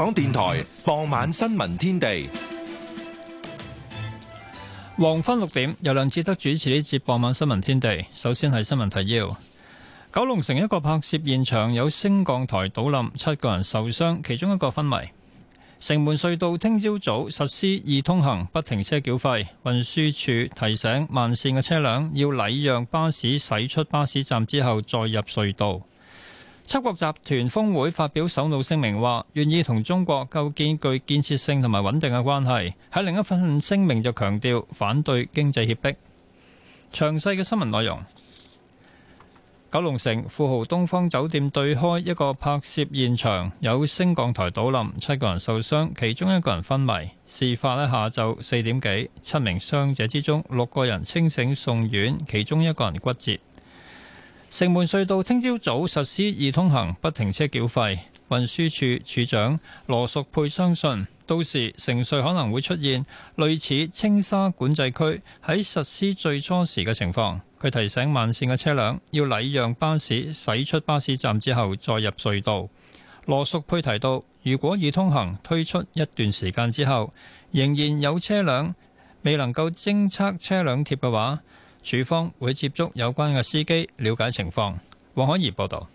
香港電台傍晚新聞天地，黃昏六點由梁智德主持呢節傍晚新聞天地。首先係新聞提要：九龍城一個拍攝現場有升降台倒冧，七個人受傷，其中一個昏迷。城門隧道聽朝早，早實施易通行，不停車繳費。運輸署提醒慢線嘅車輛要禮讓巴士，駛出巴士站之後再入隧道。七國集團峰會發表首腦聲明，話願意同中國構建具建設性同埋穩定嘅關係。喺另一份聲明就強調反對經濟脅迫。詳細嘅新聞內容。九龍城富豪東方酒店對開一個拍攝現場，有升降台倒冧，七個人受傷，其中一個人昏迷。事發喺下晝四點幾，七名傷者之中六個人清醒送院，其中一個人骨折。城門隧道聽朝早實施易通行，不停車繳費。運輸署署長羅淑佩相信，到時城隧可能會出現類似青沙管制區喺實施最初時嘅情況。佢提醒慢線嘅車輛要禮讓巴士，駛出巴士站之後再入隧道。羅淑佩提到，如果易通行推出一段時間之後，仍然有車輛未能夠偵測車輛貼嘅話，署方會接觸有關嘅司機，了解情況。黃可怡報導。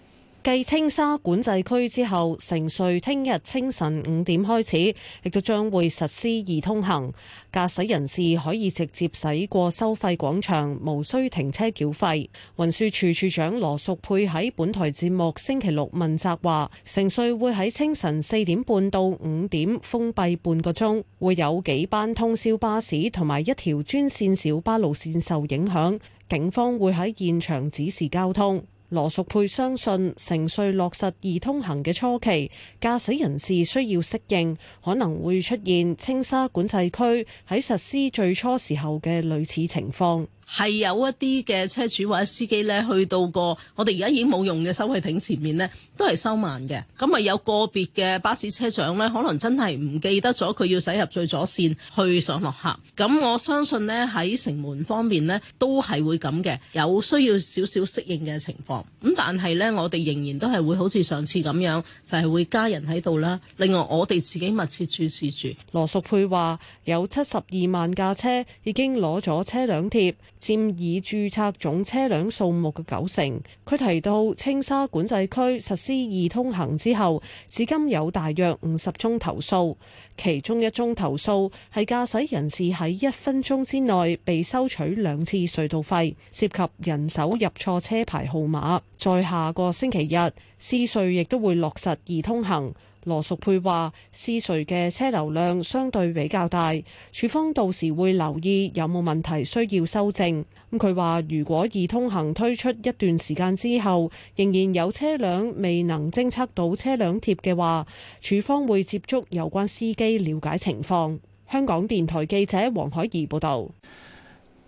繼青沙管制區之後，城隧聽日清晨五點開始，亦都將會實施易通行，駕駛人士可以直接駛過收費廣場，無需停車繳費。運輸處處長羅淑佩喺本台節目星期六問責話，城隧會喺清晨四點半到五點封閉半個鐘，會有幾班通宵巴士同埋一條專線小巴路線受影響，警方會喺現場指示交通。羅淑佩相信，程序落實易通行嘅初期，駕駛人士需要適應，可能會出現青沙管制區喺實施最初時候嘅類似情況。係有一啲嘅車主或者司機呢，去到過我哋而家已經冇用嘅收費亭前面呢，都係收慢嘅。咁啊，有個別嘅巴士車長呢，可能真係唔記得咗佢要駛入最左線去上落客。咁我相信呢，喺城門方面呢，都係會咁嘅，有需要少少適應嘅情況。咁但係呢，我哋仍然都係會好似上次咁樣，就係會加人喺度啦。另外，我哋自己密切注視住。羅淑佩話：有七十二萬架車已經攞咗車輛貼。佔已註冊總車輛數目嘅九成。佢提到青沙管制區實施易通行之後，至今有大約五十宗投訴，其中一宗投訴係駕駛人士喺一分鐘之內被收取兩次隧道費，涉及人手入錯車牌號碼。在下個星期日，獅隧亦都會落實易通行。羅淑佩話，私隧嘅車流量相對比較大，處方到時會留意有冇問題需要修正。咁佢話，如果易通行推出一段時間之後，仍然有車輛未能偵測到車輛貼嘅話，處方會接觸有關司機了解情況。香港電台記者黃海怡報道。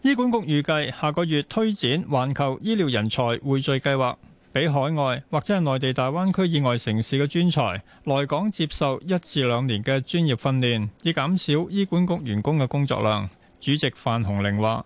醫管局預計下個月推展環球醫療人才匯聚計劃。俾海外或者係內地大灣區以外城市嘅專才來港接受一至兩年嘅專業訓練，以減少醫管局員工嘅工作量。主席范鴻齡話，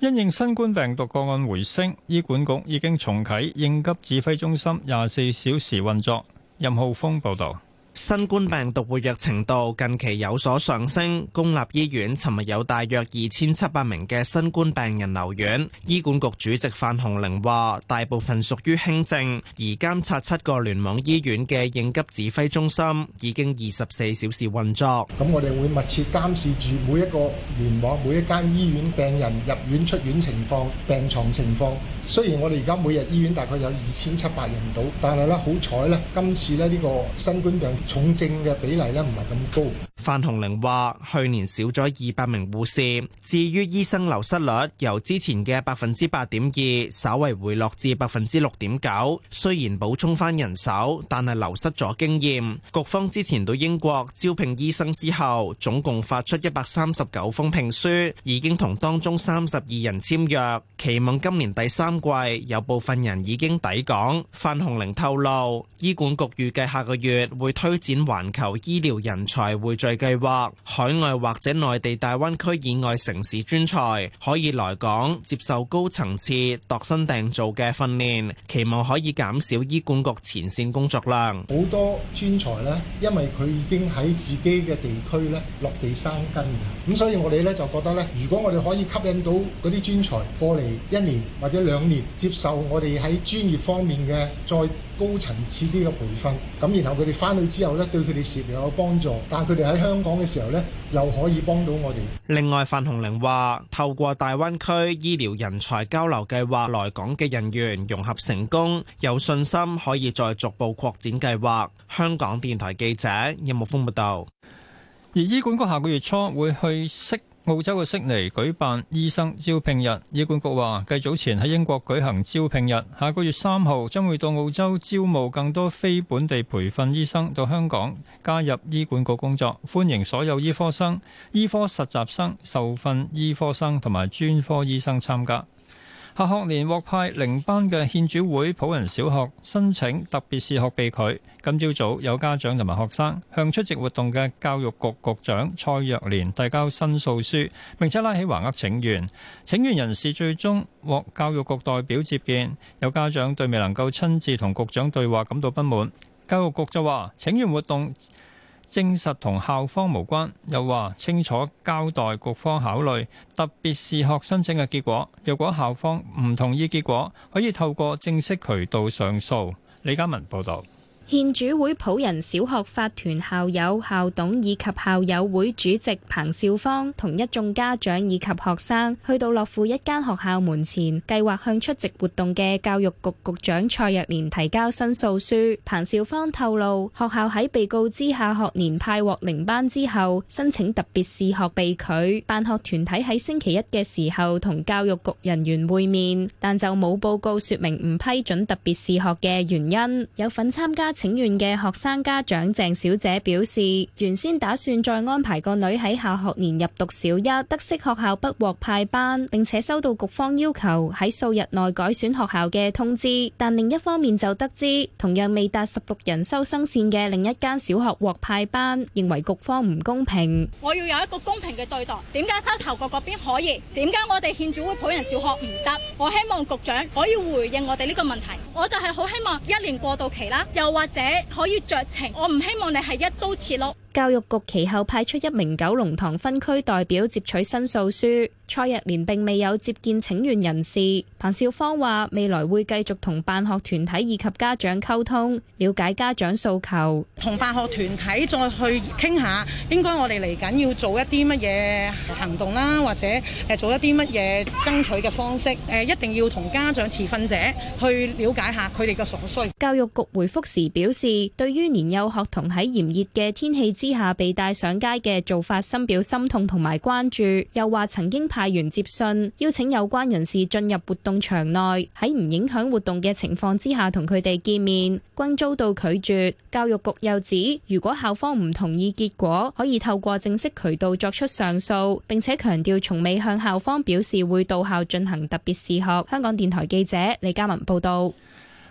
因應新冠病毒個案回升，醫管局已經重啟應急指揮中心，廿四小時運作。任浩峰報道。新冠病毒活躍程度近期有所上升，公立醫院尋日有大約二千七百名嘅新冠病人留院。醫管局主席范鴻齡話，大部分屬於輕症，而監察七個聯網醫院嘅應急指揮中心已經二十四小時運作。咁我哋會密切監視住每一個聯網、每一間醫院病人入院、出院情況、病床情況。雖然我哋而家每日醫院大概有二千七百人到，但係咧，好彩咧，今次咧呢個新冠病重症嘅比例咧，唔係咁高。范鴻齡話：去年少咗二百名護士，至於醫生流失率，由之前嘅百分之八點二，稍為回落至百分之六點九。雖然補充翻人手，但係流失咗經驗。局方之前到英國招聘醫生之後，總共發出一百三十九封聘書，已經同當中三十二人簽約。期望今年第三季有部分人已經抵港。范鴻齡透露，醫管局預計下個月會推展環球醫療人才匯聚。計劃，海外或者內地大灣區以外城市專才可以來港接受高層次度身訂造嘅訓練，期望可以減少醫管局前線工作量。好多專才呢，因為佢已經喺自己嘅地區呢落地生根，咁所以我哋呢就覺得呢，如果我哋可以吸引到嗰啲專才過嚟一年或者兩年，接受我哋喺專業方面嘅再。高層次啲嘅培訓，咁然後佢哋翻去之後呢，對佢哋事業有幫助，但係佢哋喺香港嘅時候呢，又可以幫到我哋。另外，范洪玲話：透過大灣區醫療人才交流計劃來港嘅人員融合成功，有信心可以再逐步擴展計劃。香港電台記者任木峰報道。而醫管局下個月初會去識。澳洲嘅悉尼舉辦醫生招聘日，醫管局話繼早前喺英國舉行招聘日，下個月三號將會到澳洲招募更多非本地培訓醫生到香港加入醫管局工作，歡迎所有醫科生、醫科實習生、受訓醫科生同埋專科醫生參加。下學年獲派零班嘅獻主會普仁小學申請特別試學被拒。今朝早有家長同埋學生向出席活動嘅教育局局長蔡若蓮遞交申訴書，並且拉起橫額請願。請願人士最終獲教育局代表接見，有家長對未能夠親自同局長對話感到不滿。教育局就話請願活動，證實同校方無關，又話清楚交代局方考慮特別試學申請嘅結果。若果校方唔同意結果，可以透過正式渠道上訴。李家文報導。建主會普仁小學法團校友、校董以及校友會主席彭少芳同一眾家長以及學生去到樂富一間學校門前，計劃向出席活動嘅教育局局長蔡若蓮提交申訴書。彭少芳透露，學校喺被告知下學年派獲零班之後，申請特別視學被拒。辦學團體喺星期一嘅時候同教育局人員會面，但就冇報告說明唔批准特別視學嘅原因。有份參加。請願嘅學生家長鄭小姐表示，原先打算再安排個女喺下學年入讀小一，得悉學校不獲派班，並且收到局方要求喺數日內改選學校嘅通知。但另一方面就得知，同樣未達十六人收生綫嘅另一間小學獲派班，認為局方唔公平。我要有一個公平嘅對待，點解沙頭角嗰邊可以？點解我哋獻主會普仁小學唔得？我希望局長可以回應我哋呢個問題。我就係好希望一年過渡期啦，又話。或者可以酌情，我唔希望你係一刀切咯。教育局其後派出一名九龍塘分區代表接取申訴書，蔡若蓮並未有接見請願人士。彭少芳話：未來會繼續同辦學團體以及家長溝通，了解家長訴求。同辦學團體再去傾下，應該我哋嚟緊要做一啲乜嘢行動啦，或者誒做一啲乜嘢爭取嘅方式。誒，一定要同家長、持份者去了解下佢哋嘅所需。教育局回覆時表示對於年幼學童喺炎熱嘅天氣之下被帶上街嘅做法深表心痛同埋關注，又話曾經派員接信，邀請有關人士進入活動場內喺唔影響活動嘅情況之下同佢哋見面，均遭到拒絕。教育局又指，如果校方唔同意結果，可以透過正式渠道作出上訴。並且強調從未向校方表示會到校進行特別視學。香港電台記者李嘉文報道。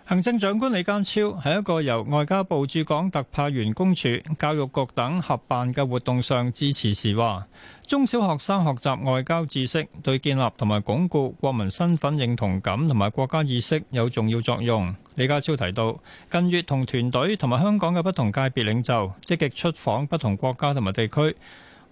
行政長官李家超喺一個由外交部駐港特派員公署、教育局等合辦嘅活動上致辭時話：中小學生學習外交知識，對建立同埋鞏固國民身份認同感同埋國家意識有重要作用。李家超提到，近月同團隊同埋香港嘅不同界別領袖積極出訪不同國家同埋地區。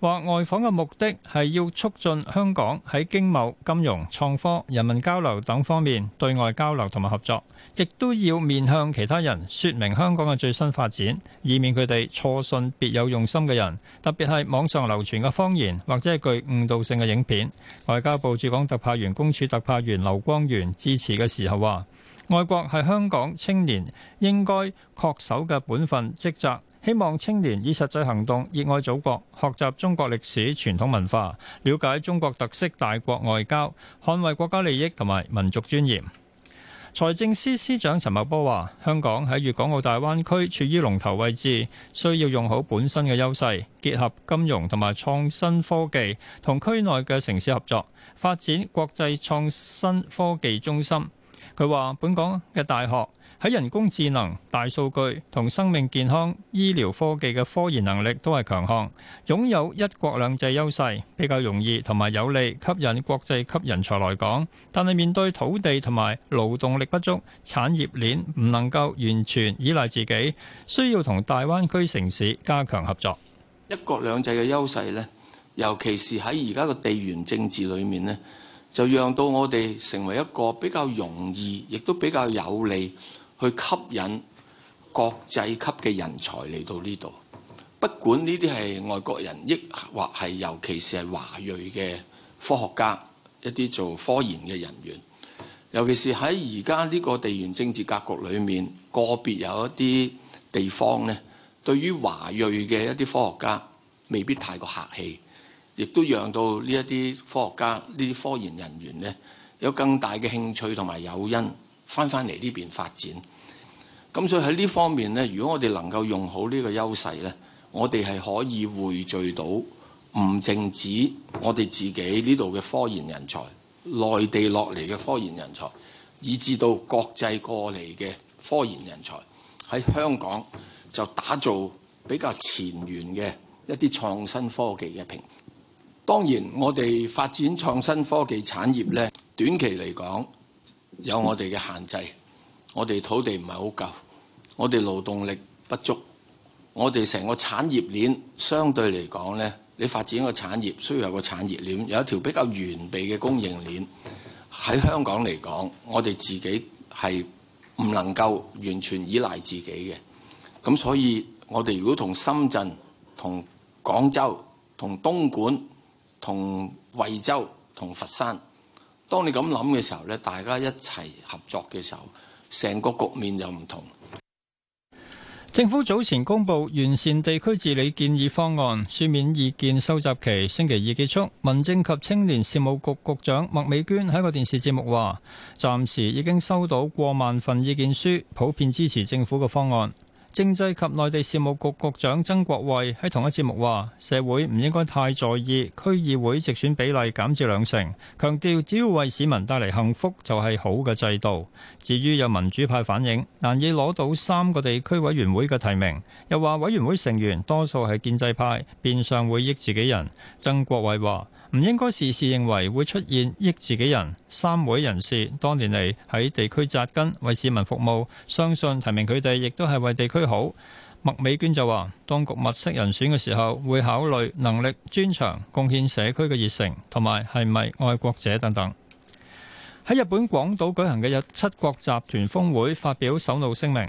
話外訪嘅目的係要促進香港喺經貿、金融、創科、人民交流等方面對外交流同埋合作，亦都要面向其他人說明香港嘅最新發展，以免佢哋錯信別有用心嘅人，特別係網上流傳嘅謊言或者係具誤導性嘅影片。外交部駐港特派員公署特派員劉光源致辭嘅時候話，愛國係香港青年應該恪守嘅本分職責。希望青年以實際行動熱愛祖國，學習中國歷史、傳統文化，了解中國特色大國外交，捍衛國家利益同埋民族尊嚴。財政司司長陳茂波話，香港喺粵港澳大灣區處於龍頭位置，需要用好本身嘅優勢，結合金融同埋創新科技，同區內嘅城市合作，發展國際創新科技中心。佢話，本港嘅大學喺人工智能、大數據同生命健康醫療科技嘅科研能力都係強項，擁有一國兩制優勢，比較容易同埋有利吸引國際級人才來港。但係面對土地同埋勞動力不足，產業鏈唔能夠完全依賴自己，需要同大灣區城市加強合作。一國兩制嘅優勢咧，尤其是喺而家嘅地緣政治裏面咧，就讓到我哋成為一個比較容易，亦都比較有利。去吸引國際級嘅人才嚟到呢度，不管呢啲係外國人，亦或係尤其是係華裔嘅科學家，一啲做科研嘅人員，尤其是喺而家呢個地緣政治格局裏面，個別有一啲地方呢，對於華裔嘅一啲科學家，未必太過客氣，亦都讓到呢一啲科學家、呢啲科研人員呢，有更大嘅興趣同埋誘因。返返嚟呢邊發展，咁所以喺呢方面呢，如果我哋能夠用好呢個優勢呢，我哋係可以匯聚到唔淨止我哋自己呢度嘅科研人才，內地落嚟嘅科研人才，以至到國際過嚟嘅科研人才，喺香港就打造比較前沿嘅一啲創新科技嘅平台。當然，我哋發展創新科技產業呢，短期嚟講，有我哋嘅限制，我哋土地唔係好夠，我哋勞動力不足，我哋成個產業鏈相對嚟講咧，你發展一個產業需要有個產業鏈，有一條比較完備嘅供應鏈。喺香港嚟講，我哋自己係唔能夠完全依賴自己嘅。咁所以，我哋如果同深圳、同廣州、同東莞、同惠州、同佛山，當你咁諗嘅時候咧，大家一齊合作嘅時候，成個局面又唔同。政府早前公布完善地區治理建議方案，書面意見收集期星期二結束。民政及青年事務局局局長麥美娟喺一個電視節目話，暫時已經收到過萬份意見書，普遍支持政府嘅方案。政制及內地事務局局長曾國衛喺同一節目話：社會唔應該太在意區議會直選比例減至兩成，強調只要為市民帶嚟幸福就係好嘅制度。至於有民主派反映難以攞到三個地區委員會嘅提名，又話委員會成員多數係建制派，變相會益自己人。曾國衛話：唔應該事事認為會出現益自己人。三會人士多年嚟喺地區紮根，為市民服務，相信提名佢哋亦都係為地區。好，麥美娟就話，當局物色人選嘅時候會考慮能力、專長、貢獻社區嘅熱誠，同埋係咪愛國者等等。喺日本廣島舉行嘅日七國集團峰會發表首腦聲明，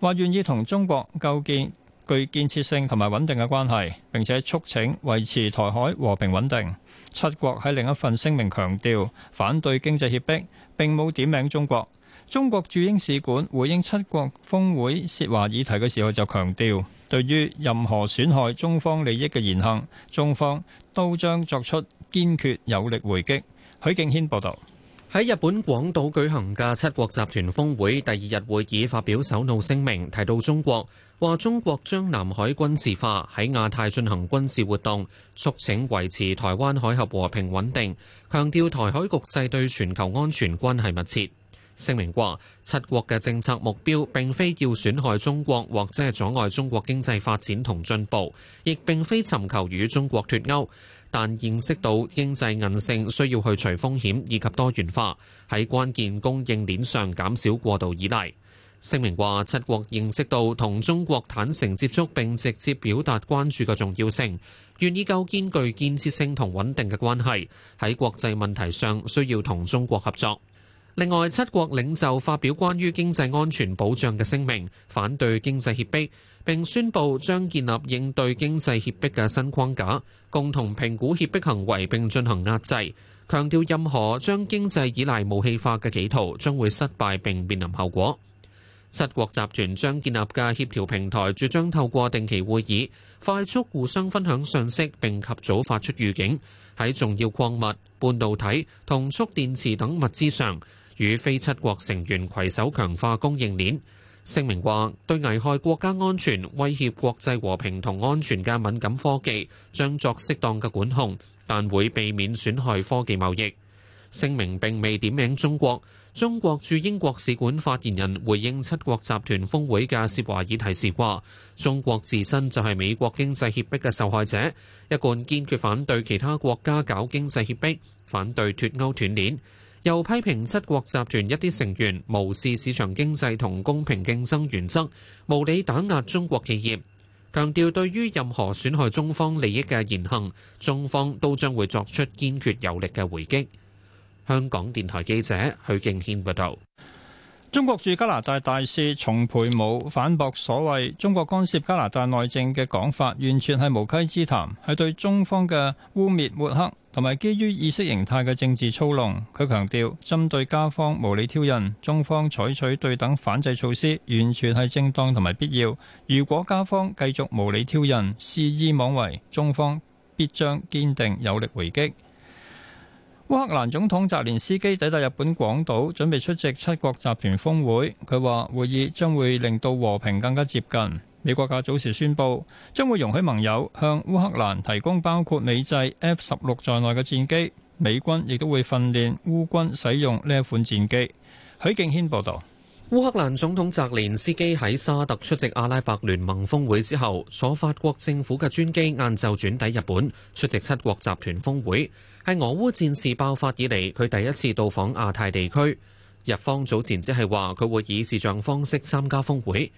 話願意同中國構建具建設性同埋穩定嘅關係，並且促請維持台海和平穩定。七國喺另一份聲明強調反對經濟脅迫，並冇點名中國。中國駐英使館回應七國峰會涉華議題嘅時候就強調，對於任何損害中方利益嘅言行，中方都將作出堅決有力回擊。許敬軒報道。喺日本廣島舉行嘅七國集團峰會第二日會議發表首腦聲明，提到中國話中國將南海軍事化，喺亞太進行軍事活動，促請維持台灣海峽和平穩定，強調台海局勢對全球安全關係密切。聲明話：七國嘅政策目標並非要損害中國或者係阻礙中國經濟發展同進步，亦並非尋求與中國脫鉤。但認識到經濟韌性需要去除風險以及多元化，喺關鍵供應鏈上減少過度依賴。聲明話：七國認識到同中國坦誠接觸並直接表達關注嘅重要性，願意構建具建設性同穩定嘅關係，喺國際問題上需要同中國合作。另外，七國領袖發表關於經濟安全保障嘅聲明，反對經濟脅迫，並宣布將建立應對經濟脅迫嘅新框架，共同評估脅迫行為並進行壓制，強調任何將經濟依賴武器化嘅企圖將會失敗並面臨後果。七國集團將建立嘅協調平台，主張透過定期會議快速互相分享信息並及早發出預警，喺重要礦物、半導體同蓄電池等物資上。與非七國成員攜手強化供應鏈。聲明話：對危害國家安全、威脅國際和平同安全嘅敏感科技，將作適當嘅管控，但會避免損害科技貿易。聲明並未點名中國。中國駐英國使館發言人回應七國集團峰會嘅涉華議題時話：中國自身就係美國經濟脅迫嘅受害者，一貫堅決反對其他國家搞經濟脅迫，反對脱歐斷鏈。又批評七國集團一啲成員無視市場經濟同公平競爭原則，無理打壓中國企業。強調對於任何損害中方利益嘅言行，中方都將會作出堅決有力嘅回擊。香港電台記者許敬軒報導。中國駐加拿大大使叢培武反駁所謂中國干涉加拿大內政嘅講法，完全係無稽之談，係對中方嘅污蔑抹黑。同埋，和基於意識形態嘅政治操弄，佢強調針對加方無理挑釁，中方採取對等反制措施，完全係正當同埋必要。如果加方繼續無理挑釁、肆意妄為，中方必將堅定有力回擊。烏克蘭總統澤連斯基抵達日本廣島，準備出席七國集團峰會。佢話：會議將會令到和平更加接近。美國較早時宣布，將會容許盟友向烏克蘭提供包括美製 F 十六在內嘅戰機，美軍亦都會訓練烏軍使用呢一款戰機。許敬軒報導。烏克蘭總統澤連斯基喺沙特出席阿拉伯聯盟峰會之後，坐法國政府嘅專機晏晝轉抵日本，出席七國集團峰會，係俄烏戰事爆發以嚟佢第一次到訪亞太地區。日方早前只係話佢會以視像方式參加峰會。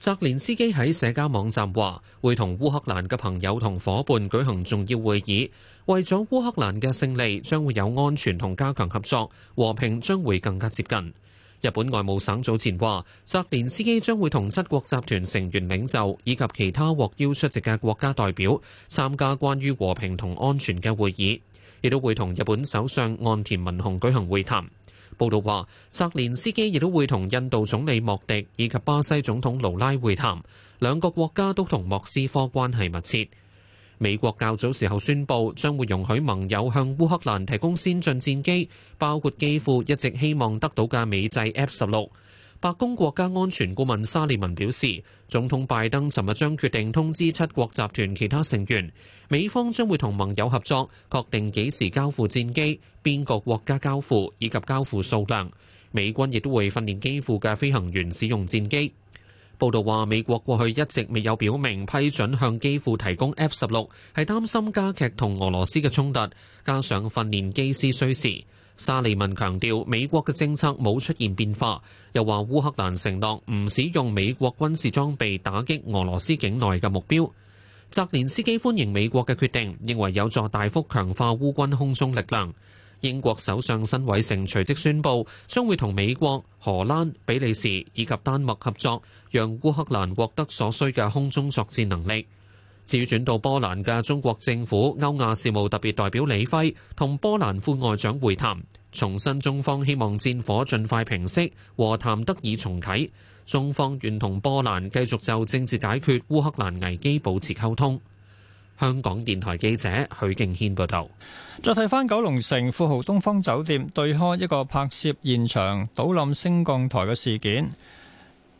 澤連斯基喺社交網站話，會同烏克蘭嘅朋友同伙伴舉行重要會議，為咗烏克蘭嘅勝利，將會有安全同加強合作，和平將會更加接近。日本外務省早前話，澤連斯基將會同七國集團成員領袖以及其他獲邀出席嘅國家代表參加關於和平同安全嘅會議，亦都會同日本首相岸田文雄舉行會談。報道話，澤連斯基亦都會同印度總理莫迪以及巴西總統盧拉會談，兩個國家都同莫斯科關係密切。美國較早時候宣布將會容許盟友向烏克蘭提供先進戰機，包括基輔一直希望得到嘅美製 F 十六。白宮國家安全顧問沙利文表示，總統拜登尋日將決定通知七國集團其他成員，美方將會同盟友合作，確定幾時交付戰機、邊個國家交付以及交付數量。美軍亦都會訓練機庫嘅飛行員使用戰機。報道話，美國過去一直未有表明批准向機庫提供 F 十六，係擔心加劇同俄羅斯嘅衝突，加上訓練機師需時。沙利文強調美國嘅政策冇出現變化，又話烏克蘭承諾唔使用美國軍事裝備打擊俄羅斯境內嘅目標。澤連斯基歡迎美國嘅決定，認為有助大幅強化烏軍空中力量。英國首相辛偉誠隨即宣布，將會同美國、荷蘭、比利時以及丹麥合作，讓烏克蘭獲得所需嘅空中作戰能力。自轉到波蘭嘅中國政府歐亞事務特別代表李輝同波蘭副外長會談，重申中方希望戰火盡快平息，和談得以重啟，中方願同波蘭繼續就政治解決烏克蘭危機保持溝通。香港電台記者許敬軒報道。再睇翻九龍城富豪東方酒店對開一個拍攝現場倒冧升降台嘅事件。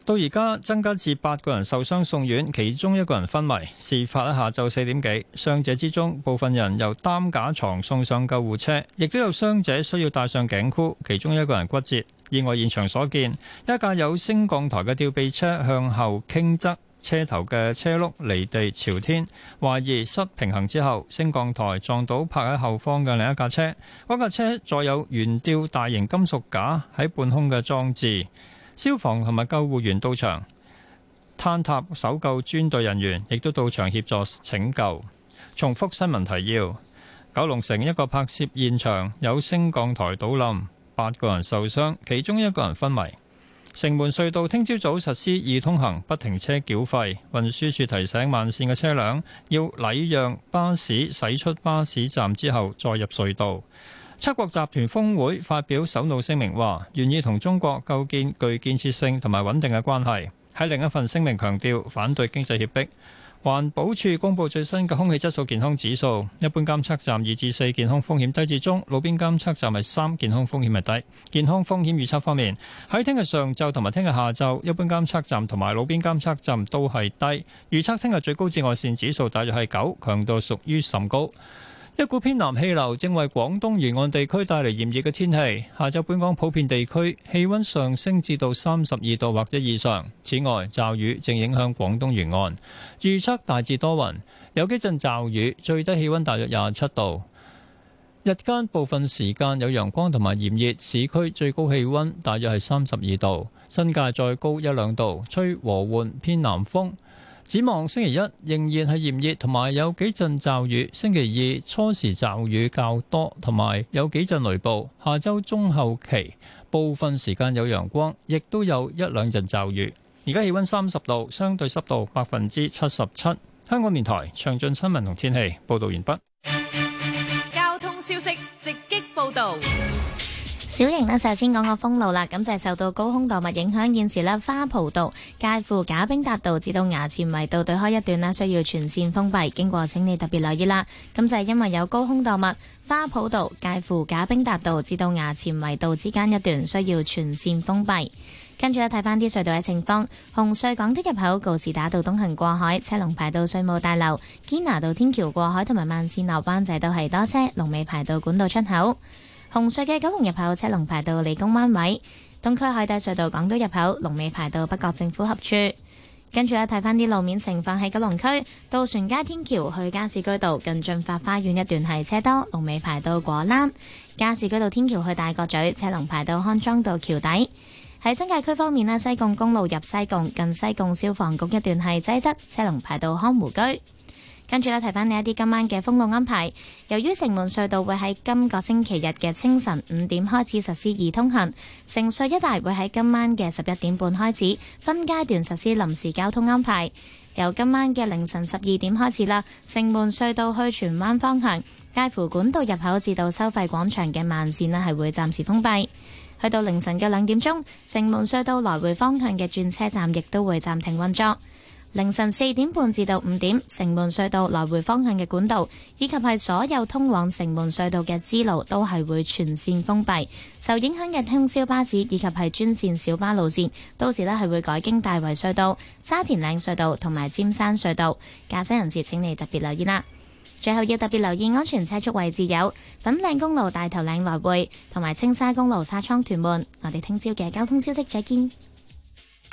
到而家增加至八個人受傷送院，其中一個人昏迷。事發喺下晝四點幾，傷者之中部分人由擔架床送上救護車，亦都有傷者需要戴上頸箍，其中一個人骨折。意外現場所見，一架有升降台嘅吊臂車向後傾側，車頭嘅車轆離地朝天，懷疑失平衡之後，升降台撞到泊喺後方嘅另一架車，嗰架車載有懸吊大型金屬架喺半空嘅裝置。消防同埋救護員到場，坍塌搜救專隊人員亦都到場協助拯救。重複新聞提要，九龍城一個拍攝現場有升降台倒冧，八個人受傷，其中一個人昏迷。城門隧道聽朝早實施易通行，不停車繳費。運輸署提醒慢線嘅車輛要禮讓巴士，駛出巴士站之後再入隧道。七國集團峰會發表首腦聲明，話願意同中國構建具建設性同埋穩定嘅關係。喺另一份聲明強調反對經濟脅迫。環保署公布最新嘅空氣質素健康指數，一般監測站二至四，健康風險低至中，路邊監測站係三，健康風險係低。健康風險預測方面，喺聽日上晝同埋聽日下晝，一般監測站同埋路邊監測站都係低。預測聽日最高紫外線指數大約係九，強度屬於甚高。一股偏南氣流正為廣東沿岸地區帶嚟炎熱嘅天氣，下晝本港普遍地區氣温上升至到三十二度或者以上。此外，驟雨正影響廣東沿岸，預測大致多雲，有幾陣驟雨，最低氣温大約廿七度。日間部分時間有陽光同埋炎熱，市區最高氣温大約係三十二度，新界再高一兩度，吹和緩偏南風。展望星期一仍然係炎熱，同埋有幾陣驟雨。星期二初時驟雨較多，同埋有幾陣雷暴。下周中後期部分時間有陽光，亦都有一兩陣驟雨。而家氣溫三十度，相對濕度百分之七十七。香港電台詳盡新聞同天氣報道完畢。交通消息直擊報道。小型呢，首先講個封路啦，咁就係受到高空墮物影響，現時咧花圃道介乎賈冰達道至到牙前圍道對開一段咧需要全線封閉，經過請你特別留意啦。咁就係因為有高空墮物，花圃道介乎賈冰達道至到牙前圍道之間一段需要全線封閉。跟住呢，睇返啲隧道嘅情況，紅隧港的入口告士打道東行過海車龍排到稅務大樓堅拿道天橋過海同埋萬善樓灣仔都係多車，龍尾排到管道出口。紅隧嘅九龍入口車龍排到理工灣位，東區海底隧道港島入口龍尾排到北角政府合處。跟住呢，睇翻啲路面情況喺九龍區，渡船街天橋去加士居道近駿發花園一段係車多，龍尾排到果欄；加士居道天橋去大角咀車龍排到康莊道橋底。喺新界區方面呢，西貢公路入西貢近西貢消防局一段係擠塞，車龍排到康湖居。跟住咧，提翻你一啲今晚嘅封路安排。由於城門隧道會喺今個星期日嘅清晨五點開始實施易通行，城隧一帶會喺今晚嘅十一點半開始分階段實施臨時交通安排。由今晚嘅凌晨十二點開始啦，城門隧道去荃灣方向介乎管道入口至到收費廣場嘅慢綫呢，係會暫時封閉。去到凌晨嘅兩點鐘，城門隧道來回方向嘅轉車站亦都會暫停運作。凌晨四點半至到五點，城門隧道來回方向嘅管道，以及係所有通往城門隧道嘅支路，都係會全綫封閉。受影響嘅通宵巴士以及係專綫小巴路綫，到時呢係會改經大圍隧道、沙田嶺隧道同埋尖山隧道。駕駛人士請你特別留意啦。最後要特別留意安全車速位置有粉嶺公路大頭嶺來回，同埋青沙公路沙倉屯門。我哋聽朝嘅交通消息，再見。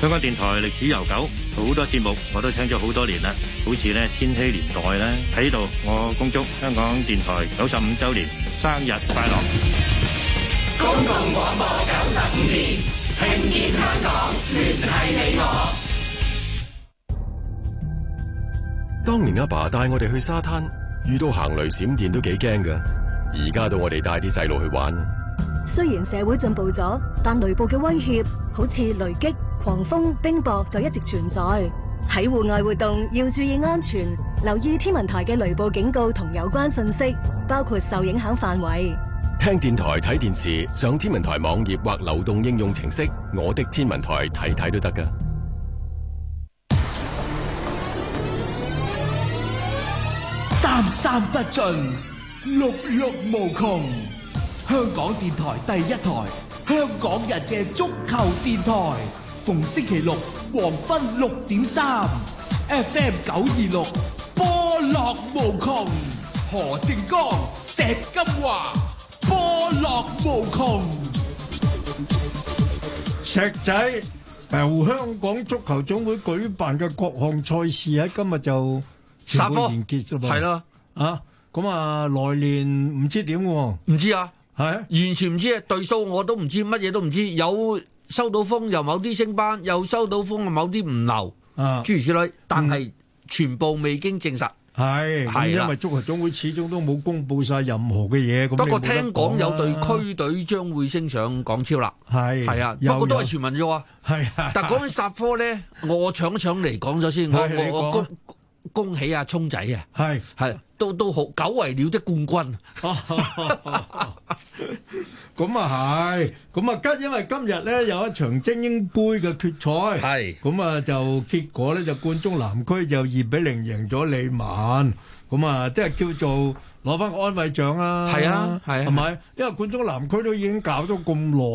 香港電台歷史悠久，好多節目我都聽咗好多年啦。好似咧千禧年代咧喺度，我恭祝香港電台九十五周年生日快樂！公共廣播九十五年，聽見香港，聯繫你我。當年阿爸帶我哋去沙灘，遇到行雷閃電都幾驚㗎。而家到我哋帶啲細路去玩，雖然社會進步咗，但雷暴嘅威脅好似雷擊。狂風冰雹就一直存在，喺戶外活動要注意安全，留意天文台嘅雷暴警告同有關信息，包括受影響範圍。聽電台、睇電視、上天文台網頁或流動應用程式《我的天文台》看看，睇睇都得㗎。三三不盡，六六無窮。香港電台第一台，香港人嘅足球電台。逢星期六黃昏六點三，FM 九二六波落無窮，何正剛、石金華波落無窮。石仔由香港足球總會舉辦嘅各項賽事喺今日就全部完結咗係啦，啊，咁啊，來年唔知點喎？唔知啊，係的完全唔知，啊，對數我都唔知，乜嘢都唔知，有。收到風又某啲升班，又收到風啊，某啲唔留，諸如此類，但係全部未經證實，係係啦，因為足球總會始終都冇公布曬任何嘅嘢。不過聽講有隊區隊將會升上港超啦，係係啊，不過都係傳聞啫喎。係啊，但講起殺科咧，我搶搶嚟講咗先，我我我。恭喜阿聰仔啊！係係都都好久違了啲冠軍啊！咁啊係，咁啊今因為今日咧有一場精英杯嘅決賽，係咁啊就結果咧就冠中南區就二比零贏咗李曼，咁啊即係叫做攞翻個安慰獎啦！係啊，係咪？因為冠中南區都已經搞咗咁耐。